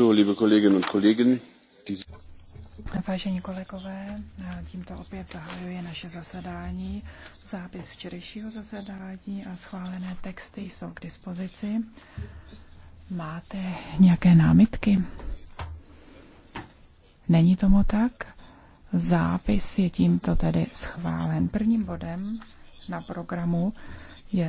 liebe Kolleginnen und Kollegen, Vážení kolegové, tímto opět zahajuje naše zasedání. Zápis včerejšího zasedání a schválené texty jsou k dispozici. Máte nějaké námitky? Není tomu tak? Zápis je tímto tedy schválen. Prvním bodem na programu je